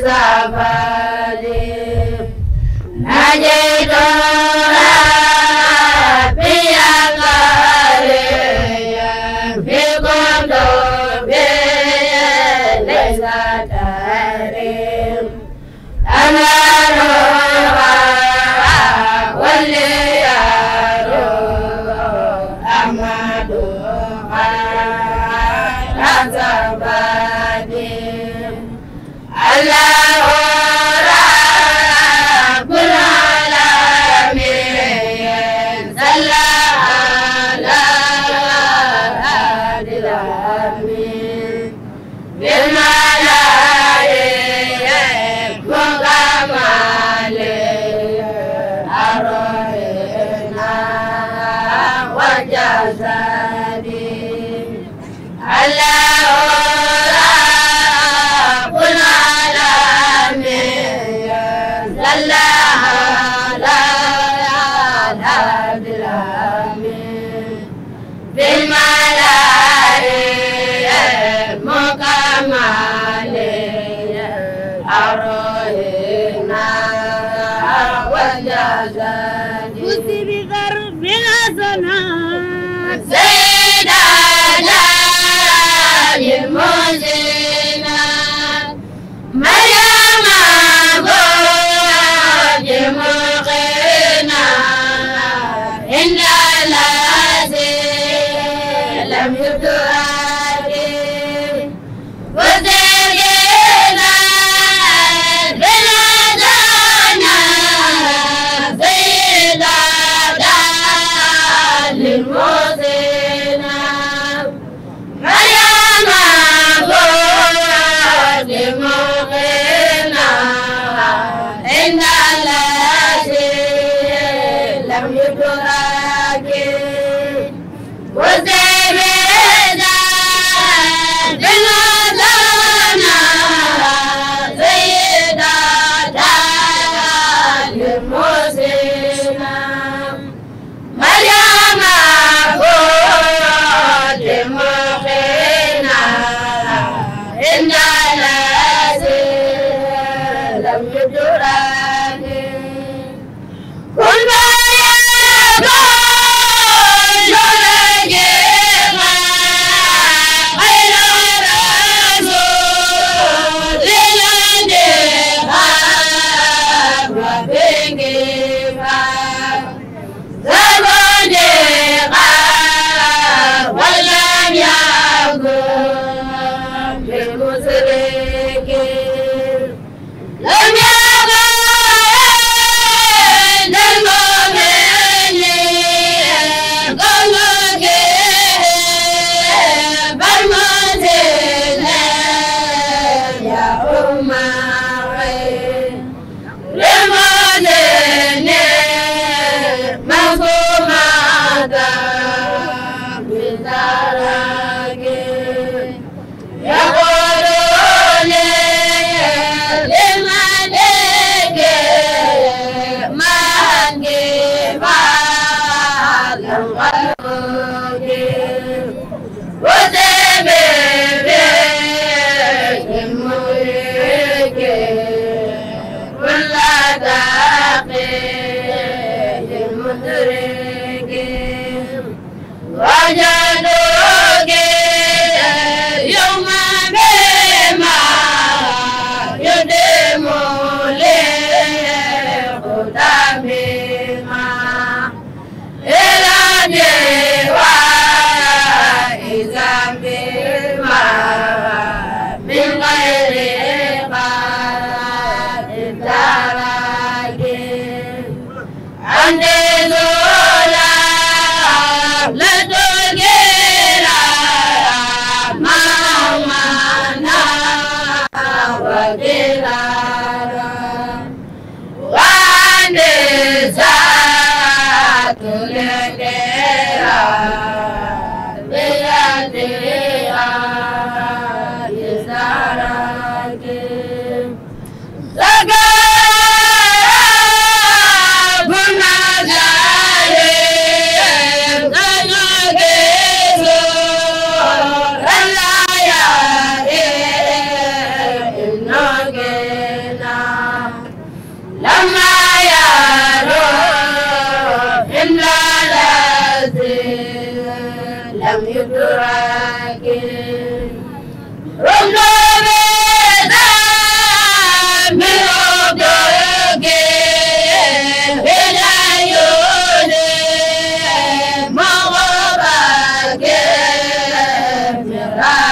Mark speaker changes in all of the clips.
Speaker 1: زماني نجيت آمين Zana. Govinda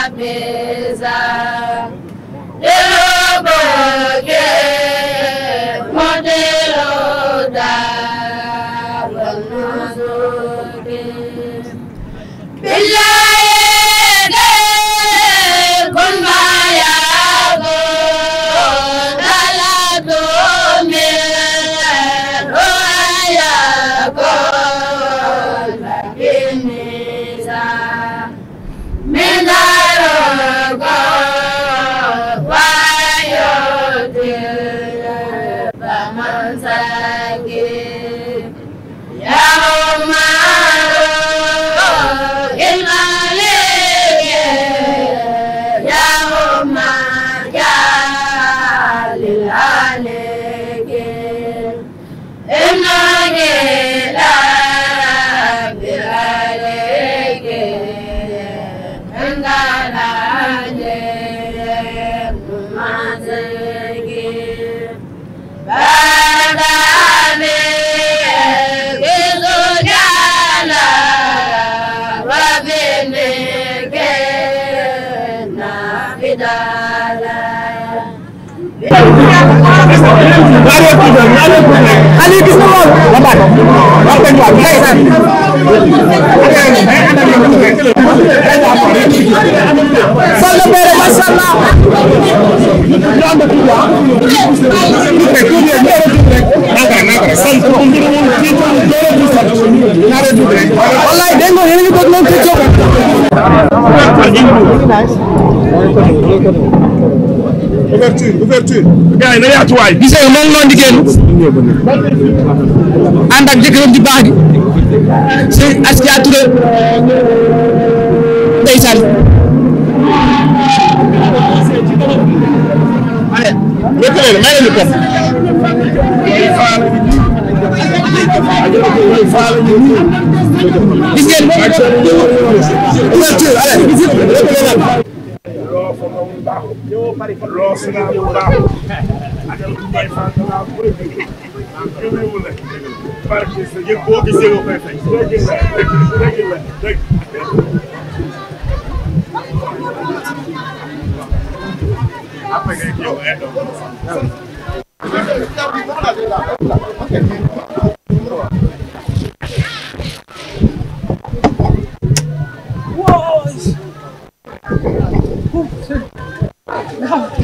Speaker 1: mesa. This one. ouverture gars yi na yaatu waay. di génn ànd ak jëkkëram ji baax gi sëñ Askia Touré ndeysaan reculez may nañu ko gis ngeen sono un bajo. Yo Lo sono un bajo. Aquele que vai fazer lá foi bem. Eu me mulher. Para se eu vou é que seja o perfeito. Pegue aqui, pegue lá, pegue. Ah, peguei aqui, ó. É, não. Não.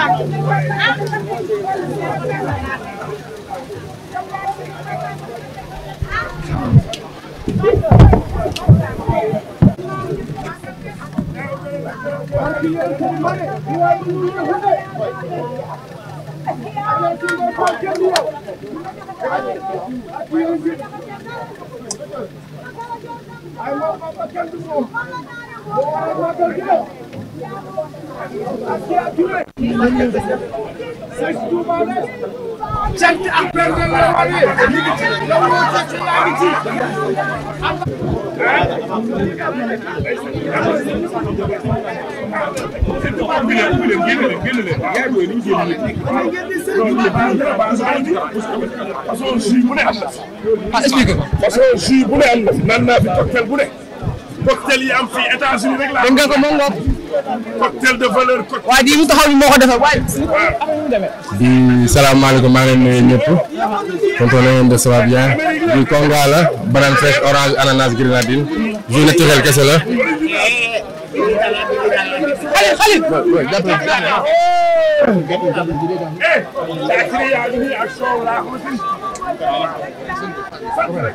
Speaker 1: I want my cant
Speaker 2: ak benn la wane ñu ngi ci yow moo jot yaa ngi ci.
Speaker 1: ah expliqué ko. façon jus bu ne am na. naan naa fi cocktail bu ne. cocktail yi am fii États-Unis rek laa. dégg nga ko moom cocktail de valeur di mu taxaw moo ko defal waaye. di salaamaaleykum maa ngi leen nuyu ñëpp. kontaan orange ananas grenadine. jus naturel kese la. Khalil Khalil. Eh, Okay.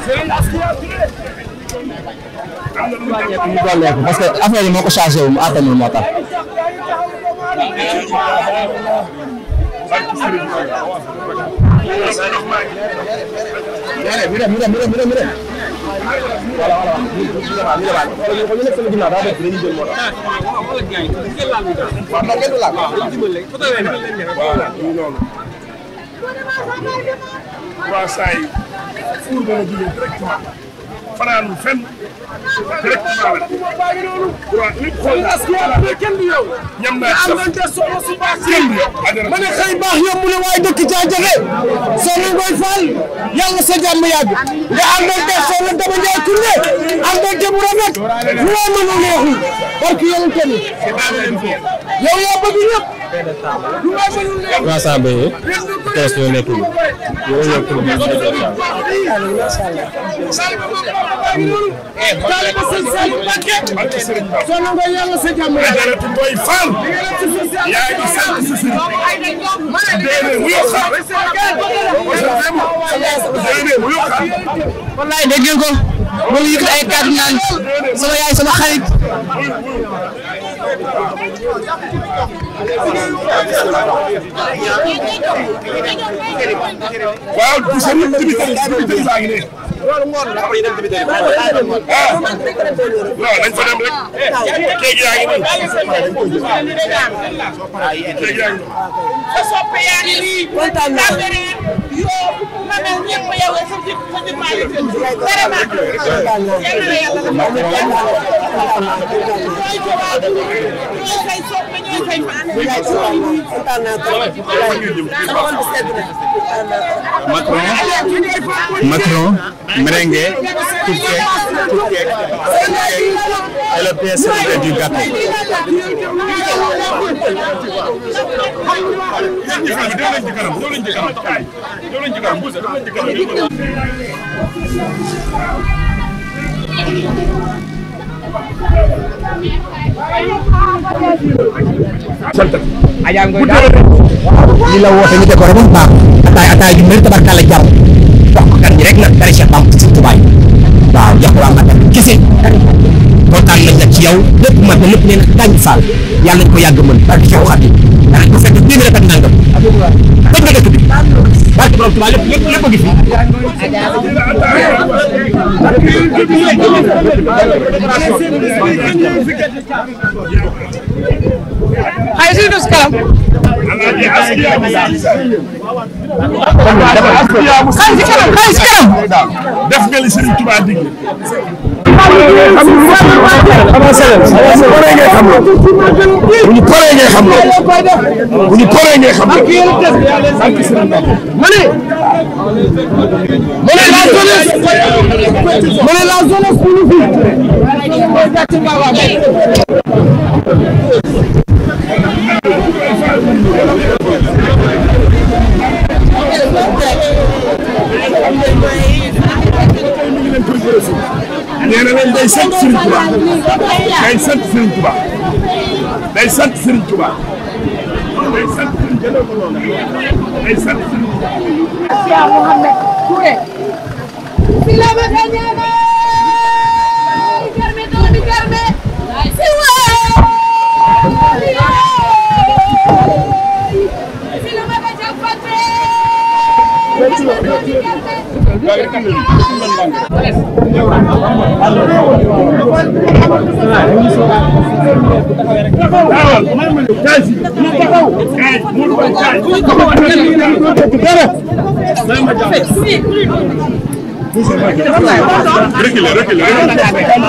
Speaker 1: Senin askıya atıyor. wàññeeku ñu dolleeku parce que affaire yi moo ko changé wu mu àttanul moo tax. ñu dem ñu dem ñu dem ñu dem voilà voilà ñu waaw saa yi fuur mën a jigéen directement fanaanu fenn directement la. waaw nit xool as yow kenn du yow. ñam naa ci sax kenn du yow. ma ne xëy baax yomb na waaye dëkk caa jafe soxna Ngoye Fall yàlla sa jàmm yàgg nga àndante soxna Daba Ndiaye Koundé àndante bu rafet lu ma mën a neexul barki yow kenn yow yaa bëgg ñëpp.
Speaker 2: 300 béyee
Speaker 1: kees yoo nekkul yoo nekkul ñu ngi koy def wallaay dégg ngeen ko moom yëkkati ay kàddu naan sama yaay sama xarit waaw du sëriñ bi tamit sëriñ bi baa ngi ne loolu ngoon la après dem tamit ah non nañ fa dem rek géej eh. yaa ngi nii géej ah, yaa ngi nii sopp yaa ngi nii kontaan naa yoo ma mel ñëpp yow sa jib sa jib maa ngi vraiment yàlla na yàlla na mooy jobaa ñooy say sopp ñooy say fan kontaan naa trop Macron Macron merengue, cupcake, cupcake, cupcake, et le pièce célèbre du gâteau. Ayam gue dah. Bila wah ini dekoran bang. Atai atai jumlah tebar kalah bakkan direktur dari siapa itu baik nah ya Tuubaa nah, ada kisi waa Matam kese kontaan nañ nag ci sal, yang mat na lépp nee na daañu faal yàlla nañ ko yàgg mën barke Cheikh Xadi ndax bu fekk téeméer ak def nga li Serigne Touba digle bu ñu paree ngay nee na leen day sant Serigne Touba day sant Serigne Touba day sant Serigne Touba day sant Serigne Touba day sant Serigne Touba. kaay si ñu taxaw kaay Modou Mbaye kaay reculer reculer reculer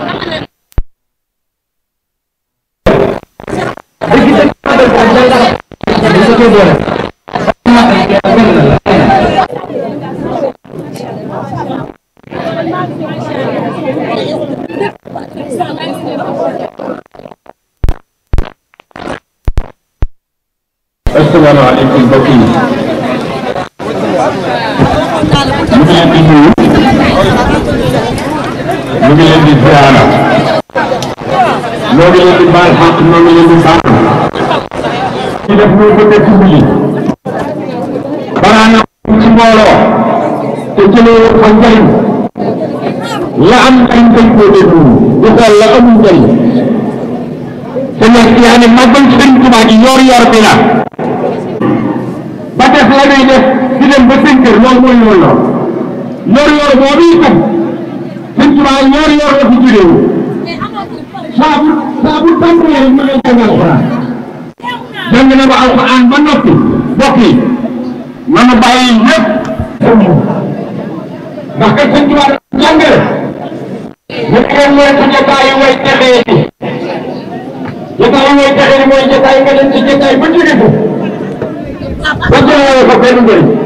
Speaker 1: के द्वारा moo gën a dimbali baraana ci mbooloo te jëlee ko njëriñ la am njëriñ dañ koo déglu di xool la amul njëriñ te nekk yaa ne màggal sëñ Tuubaa gi yor yor bi la ba def la ngay def di dem ba seen kër loolu mooy yor yor yor yor boobu itam sëñ Tuubaa yor yor la fi jëlee saa bu saa bu tàmbalee ma ngay jàngal dégg na ba alxuraan ba noppi bokk yi nanu bàyyi yëpp ndax kat sëñ Tuubaa jàngale ñu nekkee mooy ci jotaayu way texee ni jotaayu way texee ni mooy jotaay nga dem ci jotaay ba jóge ko ba jëlee fa benn mbëri